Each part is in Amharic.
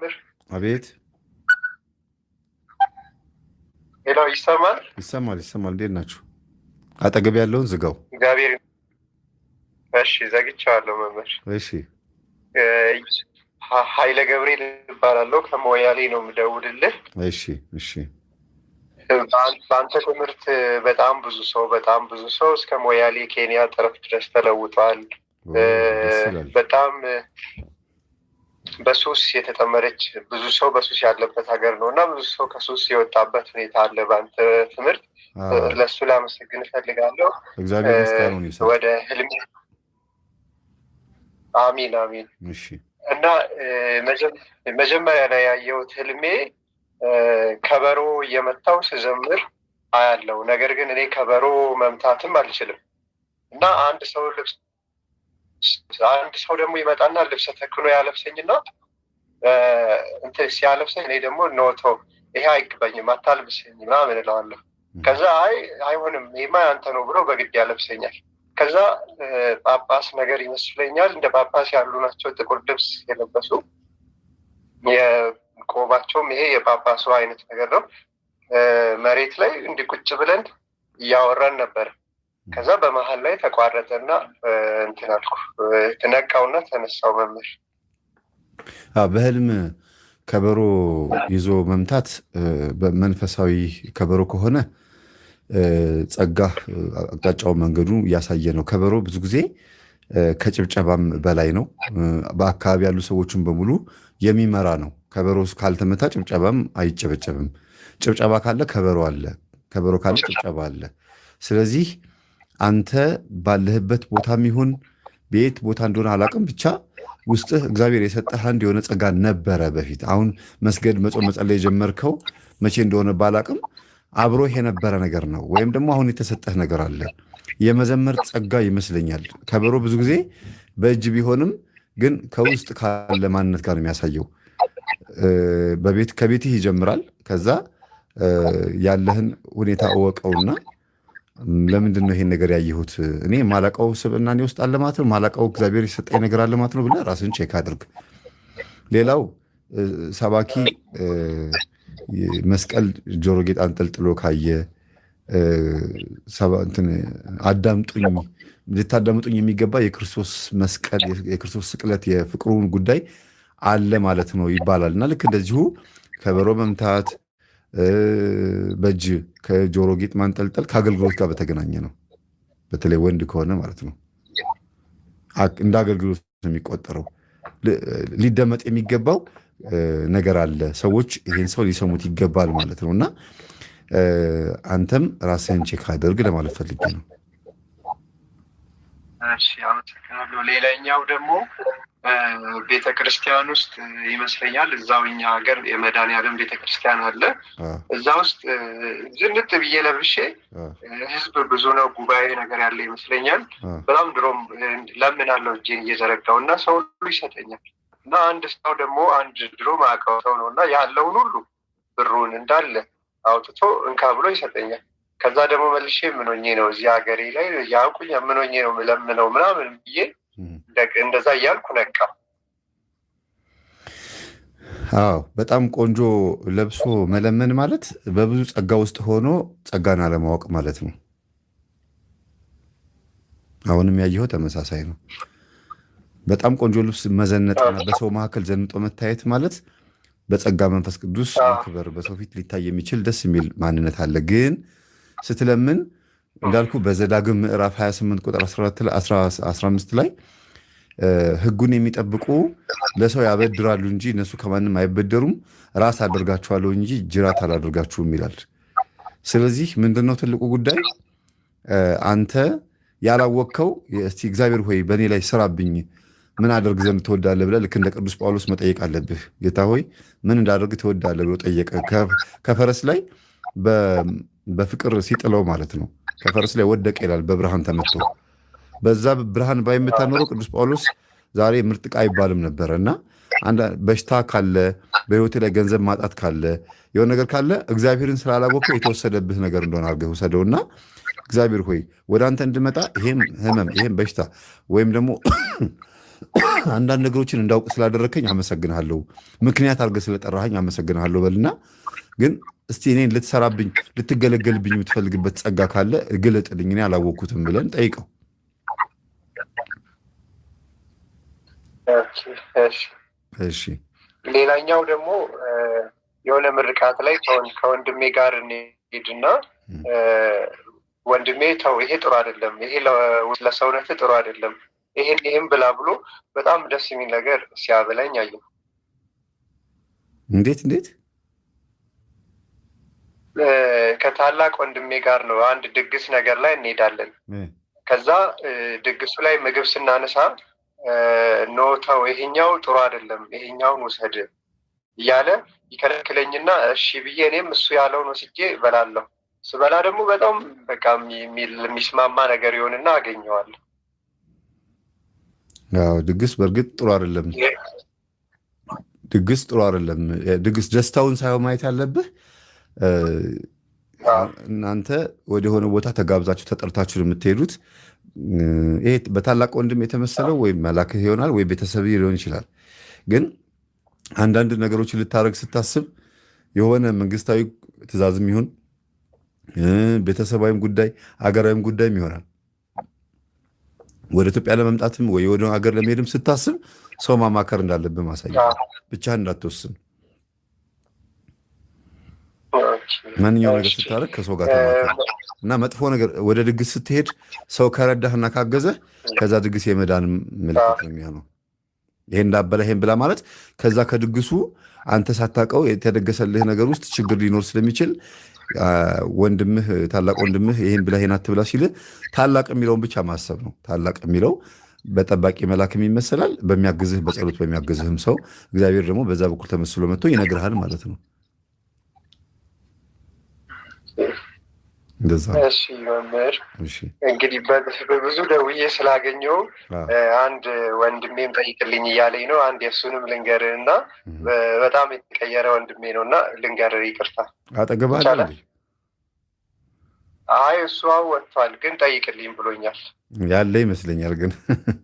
ጭምር። አቤት ሌላው ይሰማል ይሰማል ይሰማል። እንዴት ናችሁ? አጠገብ ያለውን ዝጋው። እግዚአብሔር እሺ፣ ዘግቻዋለሁ መምህር። እሺ፣ ኃይለ ገብርኤል እባላለሁ ከሞያሌ ነው የምደውልልህ። እሺ፣ እሺ። በአንተ ትምህርት በጣም ብዙ ሰው በጣም ብዙ ሰው እስከ ሞያሌ ኬንያ ጠረፍ ድረስ ተለውጧል። በጣም በሱስ የተጠመደች ብዙ ሰው በሱስ ያለበት ሀገር ነው እና ብዙ ሰው ከሱስ የወጣበት ሁኔታ አለ። በአንተ ትምህርት ለሱ ላመሰግን እፈልጋለሁ። ወደ ህልሜ አሚን አሚን። እና መጀመሪያ ላይ ያየሁት ህልሜ ከበሮ እየመታው ስዘምር አያለው። ነገር ግን እኔ ከበሮ መምታትም አልችልም እና አንድ ሰው ልብስ አንድ ሰው ደግሞ ይመጣና ልብሰ ያለብሰኝ ያለብሰኝና እንትን ሲያለብሰኝ እኔ ደግሞ ኖቶ ይሄ አይግባኝም አታልብሰኝ ምናምን እለዋለሁ። ከዛ አይ አይሆንም ይማ ያንተ ነው ብሎ በግድ ያለብሰኛል። ከዛ ጳጳስ ነገር ይመስለኛል እንደ ጳጳስ ያሉ ናቸው ጥቁር ልብስ የለበሱ የቆባቸውም ይሄ የጳጳሱ አይነት ነገር ነው። መሬት ላይ እንዲህ ቁጭ ብለን እያወራን ነበር። ከዛ በመሀል ላይ ተቋረጠና እንትን አልኩ ነቃውና ተነሳው መምህር በህልም ከበሮ ይዞ መምታት መንፈሳዊ ከበሮ ከሆነ ጸጋ አቅጣጫው መንገዱ እያሳየ ነው። ከበሮ ብዙ ጊዜ ከጭብጨባም በላይ ነው። በአካባቢ ያሉ ሰዎችን በሙሉ የሚመራ ነው። ከበሮ ካልተመታ ጭብጨባም አይጨበጨብም። ጭብጨባ ካለ ከበሮ አለ፣ ከበሮ ካለ ጭብጨባ አለ። ስለዚህ አንተ ባለህበት ቦታም ይሁን ቤት ቦታ እንደሆነ አላቅም፣ ብቻ ውስጥህ እግዚአብሔር የሰጠህ አንድ የሆነ ጸጋ ነበረ በፊት። አሁን መስገድ፣ መጾም፣ መጸለይ የጀመርከው መቼ እንደሆነ ባላቅም አብሮህ የነበረ ነገር ነው፣ ወይም ደግሞ አሁን የተሰጠህ ነገር አለ። የመዘመር ጸጋ ይመስለኛል። ከበሮ ብዙ ጊዜ በእጅ ቢሆንም ግን ከውስጥ ካለ ማንነት ጋር ነው የሚያሳየው። ከቤትህ ይጀምራል። ከዛ ያለህን ሁኔታ እወቀውና ለምንድን ነው ይሄን ነገር ያየሁት? እኔ ማላቀው ስብና እኔ ውስጥ አለ ነው፣ ማላቀው እግዚአብሔር የሰጠኝ ነገር አለማት ነው ብለህ ራስን ቼክ አድርግ። ሌላው ሰባኪ መስቀል ጆሮ ጌጥ አንጠልጥሎ ካየ አዳምጡኝ ልታዳምጡኝ የሚገባ የክርስቶስ መስቀል የክርስቶስ ስቅለት የፍቅሩን ጉዳይ አለ ማለት ነው ይባላል እና ልክ እንደዚሁ ከበሮ መምታት በእጅ ከጆሮ ጌጥ ማንጠልጠል ከአገልግሎት ጋር በተገናኘ ነው። በተለይ ወንድ ከሆነ ማለት ነው እንደ አገልግሎት ነው የሚቆጠረው። ሊደመጥ የሚገባው ነገር አለ። ሰዎች ይህን ሰው ሊሰሙት ይገባል ማለት ነው እና አንተም ራስህን ቼክ አድርግ ለማለት ፈልጌ ነው። ሌላኛው ደግሞ ቤተ ክርስቲያን ውስጥ ይመስለኛል እዛው እኛ ሀገር የመዳን ቤተ ክርስቲያን አለ። እዛ ውስጥ ዝንጥ ብዬ ለብሼ ህዝብ ብዙ ነው ጉባኤ ነገር ያለ ይመስለኛል። በጣም ድሮም ለምናለው እጄን እየዘረጋው እና ሰው ሁሉ ይሰጠኛል። እና አንድ ሰው ደግሞ አንድ ድሮ ማዕቀው ሰው ነው እና ያለውን ሁሉ ብሩን እንዳለ አውጥቶ እንካ ብሎ ይሰጠኛል። ከዛ ደግሞ መልሼ ምኖኜ ነው እዚህ ሀገሬ ላይ ያውቁኝ ምኖኜ ነው ለምነው ምናምን ብዬ እንደዛ እያልኩ ነቃ። አዎ በጣም ቆንጆ ለብሶ መለመን ማለት በብዙ ጸጋ ውስጥ ሆኖ ጸጋን አለማወቅ ማለት ነው። አሁንም ያየኸው ተመሳሳይ ነው። በጣም ቆንጆ ልብስ መዘነጥና በሰው መካከል ዘንጦ መታየት ማለት በጸጋ መንፈስ ቅዱስ መክበር፣ በሰው ፊት ሊታይ የሚችል ደስ የሚል ማንነት አለ። ግን ስትለምን እንዳልኩ በዘዳግም ምዕራፍ 28 ቁጥር 15 ላይ ህጉን የሚጠብቁ ለሰው ያበድራሉ እንጂ እነሱ ከማንም አይበደሩም፣ ራስ አደርጋችኋለሁ እንጂ ጅራት አላደርጋችሁም ይላል። ስለዚህ ምንድነው ትልቁ ጉዳይ አንተ ያላወቅከው እስቲ እግዚአብሔር ሆይ በእኔ ላይ ስራብኝ ምን አደርግ ዘንድ ትወዳለህ ብለህ ልክ እንደ ቅዱስ ጳውሎስ መጠየቅ አለብህ። ጌታ ሆይ ምን እንዳደርግ ትወዳለህ ብሎ ጠየቀ። ከፈረስ ላይ በፍቅር ሲጥለው ማለት ነው። ከፈረስ ላይ ወደቀ ይላል በብርሃን ተመቶ። በዛ ብርሃን ባይመታ ኖሮ ቅዱስ ጳውሎስ ዛሬ ምርጥቃ አይባልም ነበረ እና በሽታ ካለ በህይወት ላይ ገንዘብ ማጣት ካለ የሆነ ነገር ካለ እግዚአብሔርን ስላላወቀው የተወሰደብህ ነገር እንደሆነ አድርገህ እና እግዚአብሔር ሆይ ወደ አንተ እንድመጣ ይሄም ህመም ይሄም በሽታ ወይም ደግሞ አንዳንድ ነገሮችን እንዳውቅ ስላደረከኝ አመሰግንሃለሁ፣ ምክንያት አድርገህ ስለጠራኸኝ አመሰግንሃለሁ በልና ግን እስቲ እኔን ልትሰራብኝ ልትገለገልብኝ የምትፈልግበት ጸጋ ካለ ግለጥልኝ፣ እኔ አላወቅኩትም ብለን ጠይቀው። እሺ። ሌላኛው ደግሞ የሆነ ምርቃት ላይ ከወንድሜ ጋር እንሄድና ወንድሜ ተው፣ ይሄ ጥሩ አይደለም፣ ይሄ ለሰውነት ጥሩ አይደለም፣ ይሄን ይህም ብላ ብሎ በጣም ደስ የሚል ነገር ሲያበላኝ አየሁ። እንዴት እንዴት ከታላቅ ወንድሜ ጋር ነው አንድ ድግስ ነገር ላይ እንሄዳለን። ከዛ ድግሱ ላይ ምግብ ስናነሳ ኖተው ይሄኛው ጥሩ አይደለም ይሄኛውን ውሰድ እያለ ይከለክለኝና እሺ ብዬ እኔም እሱ ያለውን ወስጄ እበላለሁ። ስበላ ደግሞ በጣም በቃ የሚስማማ ነገር ይሆንና አገኘዋለሁ። ያው ድግስ በእርግጥ ጥሩ አይደለም። ድግስ ጥሩ አይደለም። ድግስ ደስታውን ሳይሆን ማየት ያለብህ እናንተ ወደሆነ ቦታ ተጋብዛችሁ ተጠርታችሁ የምትሄዱት። ይሄ በታላቅ ወንድም የተመሰለው ወይም መላክ ይሆናል ወይም ቤተሰብ ሊሆን ይችላል። ግን አንዳንድ ነገሮችን ልታደርግ ስታስብ የሆነ መንግስታዊ ትእዛዝም ይሁን ቤተሰባዊም ጉዳይ አገራዊም ጉዳይም ይሆናል ወደ ኢትዮጵያ ለመምጣትም ወይ ወደ ሀገር ለመሄድም ስታስብ ሰው ማማከር እንዳለብህ ማሳየት፣ ብቻህን እንዳትወስን ማንኛው ነገር ስታደርግ ከሰው ጋር እና መጥፎ ነገር ወደ ድግስ ስትሄድ ሰው ከረዳህ እና ካገዘ ከዛ ድግስ የመዳን ምልክት ነው የሚሆነው። ይሄ እንዳበላ ይሄን ብላ ማለት ከዛ ከድግሱ አንተ ሳታውቀው የተደገሰልህ ነገር ውስጥ ችግር ሊኖር ስለሚችል ወንድምህ ታላቅ ወንድምህ ይሄን ብላ ይሄን አትብላ ሲል ታላቅ የሚለውን ብቻ ማሰብ ነው። ታላቅ የሚለው በጠባቂ መላክም ይመሰላል። በሚያግዝህ በጸሎት በሚያግዝህም ሰው እግዚአብሔር ደግሞ በዛ በኩል ተመስሎ መጥቶ ይነግርሃል ማለት ነው። እንደዛ እሺ መምህር እንግዲህ በብዙ ደውዬ ስላገኘው አንድ ወንድሜም ጠይቅልኝ እያለኝ ነው። አንድ የእሱንም ልንገር እና በጣም የተቀየረ ወንድሜ ነው እና ልንገር። ይቅርታ አጠገባለ። አይ እሱ አሁን ወጥቷል፣ ግን ጠይቅልኝ ብሎኛል ያለ ይመስለኛል ግን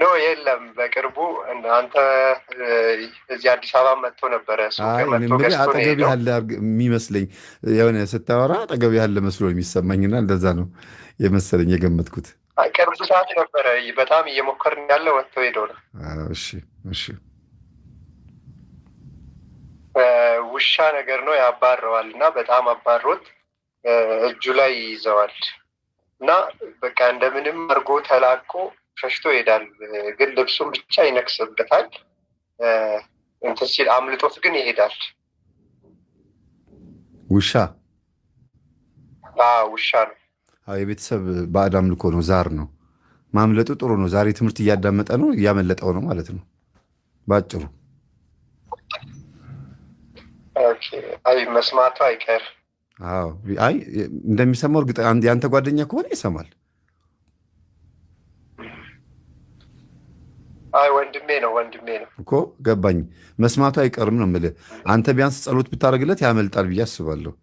ኖ የለም። በቅርቡ አንተ እዚህ አዲስ አበባ መጥቶ ነበረ። አጠገብ ያለ የሚመስለኝ የሆነ ስታወራ አጠገብ ያለ መስሎ የሚሰማኝና እንደዛ ነው የመሰለኝ የገመትኩት። ቅርብ ሰዓት ነበረ። በጣም እየሞከር ያለ ወጥቶ ሄዶ ነው። እሺ፣ እሺ። ውሻ ነገር ነው ያባረዋል፣ እና በጣም አባሮት እጁ ላይ ይዘዋል እና በቃ እንደምንም አድርጎ ተላቆ ሸሽቶ ይሄዳል። ግን ልብሱን ብቻ ይነክስበታል። እንትን ሲል አምልጦት ግን ይሄዳል። ውሻ ውሻ ነው። የቤተሰብ ባዕድ አምልኮ ነው። ዛር ነው። ማምለጡ ጥሩ ነው። ዛሬ ትምህርት እያዳመጠ ነው፣ እያመለጠው ነው ማለት ነው ባጭሩ። አይ መስማቱ አይቀር። አይ እንደሚሰማው እርግጥ፣ የአንተ ጓደኛ ከሆነ ይሰማል። አይ ወንድሜ ነው ወንድሜ ነው እኮ ገባኝ። መስማቱ አይቀርም ነው የምልህ። አንተ ቢያንስ ጸሎት ብታደርግለት ያመልጣል ብዬ አስባለሁ።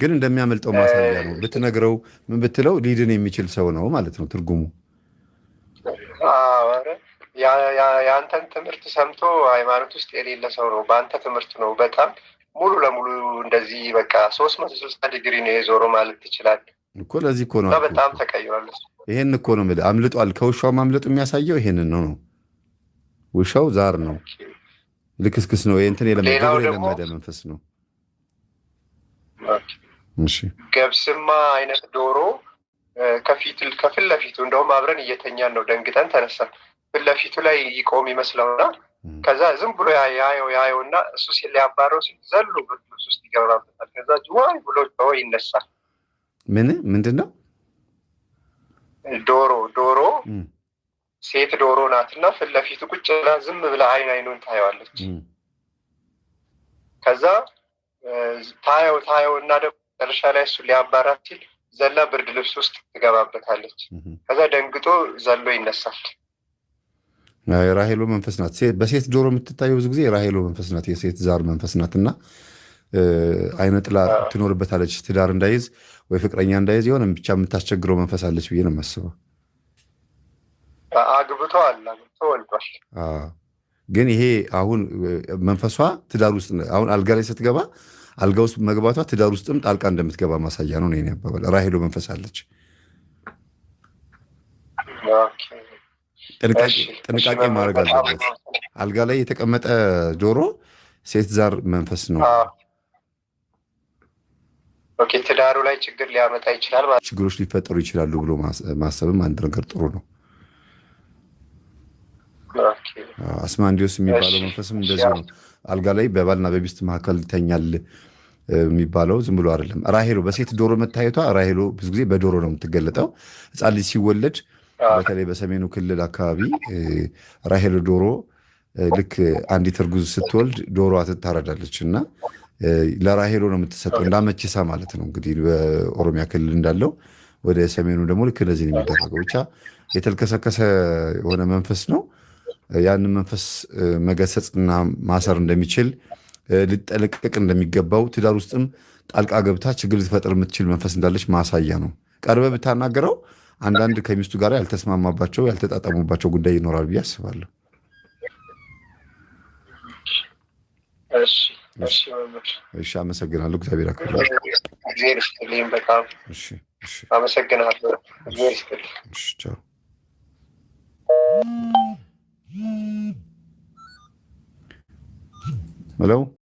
ግን እንደሚያመልጠው ማሳያ ነው። ብትነግረው ምን ብትለው ሊድን የሚችል ሰው ነው ማለት ነው ትርጉሙ። የአንተን ትምህርት ሰምቶ ሃይማኖት ውስጥ የሌለ ሰው ነው። በአንተ ትምህርት ነው በጣም ሙሉ ለሙሉ እንደዚህ በቃ ሶስት መቶ ስልሳ ዲግሪ ነው የዞሮ ማለት ትችላለህ። እኮ ለዚህ እኮ ነው በጣም ተቀይሯል። ይሄን እኮ ነው የምልህ አምልጧል። ከውሻው ማምለጡ የሚያሳየው ይሄንን ነው ነው ውሻው ዛር ነው፣ ልክስክስ ነው። ይህንትን የለመደ መንፈስ ነው። ገብስማ አይነት ዶሮ ከፊት ለፊቱ እንደውም አብረን እየተኛን ነው ደንግጠን ተነሳን። ፊት ለፊቱ ላይ ይቆም ይመስለውና ከዛ ዝም ብሎ ያየው ያየውና እሱ ሲል ያባረው ሲል ዘሎ ብርድ ልብስ ውስጥ ይገባበታል። ከዛ ጅዋይ ብሎ ይነሳል። ምን ምንድን ነው? ዶሮ ዶሮ ሴት ዶሮ ናትና ፊት ለፊቱ ቁጭ ብላ ዝም ብላ አይን አይኑን ታየዋለች። ከዛ ታየው ታየው እና ደግሞ መጨረሻ ላይ እሱ ሊያባራት ሲል ዘላ ብርድ ልብስ ውስጥ ትገባበታለች። ከዛ ደንግጦ ዘሎ ይነሳል። የራሄሎ መንፈስ ናት። በሴት ዶሮ የምትታየው ብዙ ጊዜ የራሄሎ መንፈስ ናት፣ የሴት ዛር መንፈስ ናት እና አይነ ጥላ ትኖርበታለች። ትዳር እንዳይዝ ወይ ፍቅረኛ እንዳይዝ የሆነ ብቻ የምታስቸግረው መንፈስ አለች ብዬ ነው የማስበው። አግብተዋል፣ ተወልዷል። ግን ይሄ አሁን መንፈሷ ትዳር ውስጥ አሁን አልጋ ላይ ስትገባ አልጋ ውስጥ መግባቷ ትዳር ውስጥም ጣልቃ እንደምትገባ ማሳያ ነው ነው ያባባል። ራሄሎ መንፈስ አለች። ጥንቃቄ ማድረግ አለበት። አልጋ ላይ የተቀመጠ ዶሮ ሴት ዛር መንፈስ ነው። ኦኬ፣ ትዳሩ ላይ ችግር ሊያመጣ ይችላል ማለት ችግሮች ሊፈጠሩ ይችላሉ ብሎ ማሰብም አንድ ነገር ጥሩ ነው። አስማንዲዮስ የሚባለው መንፈስም እንደዚህ ነው። አልጋ ላይ በባልና በሚስት መካከል ይተኛል የሚባለው ዝም ብሎ አይደለም። ራሄሎ በሴት ዶሮ መታየቷ፣ ራሄሎ ብዙ ጊዜ በዶሮ ነው የምትገለጠው። ህፃን ልጅ ሲወለድ በተለይ በሰሜኑ ክልል አካባቢ ራሄሎ ዶሮ ልክ አንዲት እርጉዝ ስትወልድ ዶሮዋ ትታረዳለች እና ለራሄሎ ነው የምትሰጠው፣ እንዳመችሳ ማለት ነው እንግዲህ በኦሮሚያ ክልል እንዳለው ወደ ሰሜኑ ደግሞ ልክ እንደዚህ ነው የሚደረገው። ብቻ የተልከሰከሰ የሆነ መንፈስ ነው። ያንን መንፈስ መገሰጽና ማሰር እንደሚችል ልጠለቀቅ እንደሚገባው ትዳር ውስጥም ጣልቃ ገብታ ችግር ልትፈጥር የምትችል መንፈስ እንዳለች ማሳያ ነው። ቀርበ ብታናገረው አንዳንድ ከሚስቱ ጋር ያልተስማማባቸው ያልተጣጠሙባቸው ጉዳይ ይኖራል ብዬ አስባለሁ። እሺ፣ አመሰግናለሁ። እግዚአብሔር አክብር። እግዚአብሔር ይስጥልኝ። በጣም እሺ፣ እሺ፣ አመሰግናለሁ። እግዚአብሔር ይስጥልኝ። ቻው። ሄሎ